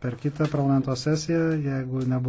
per kitą parlamento sesiją, jeigu nebus.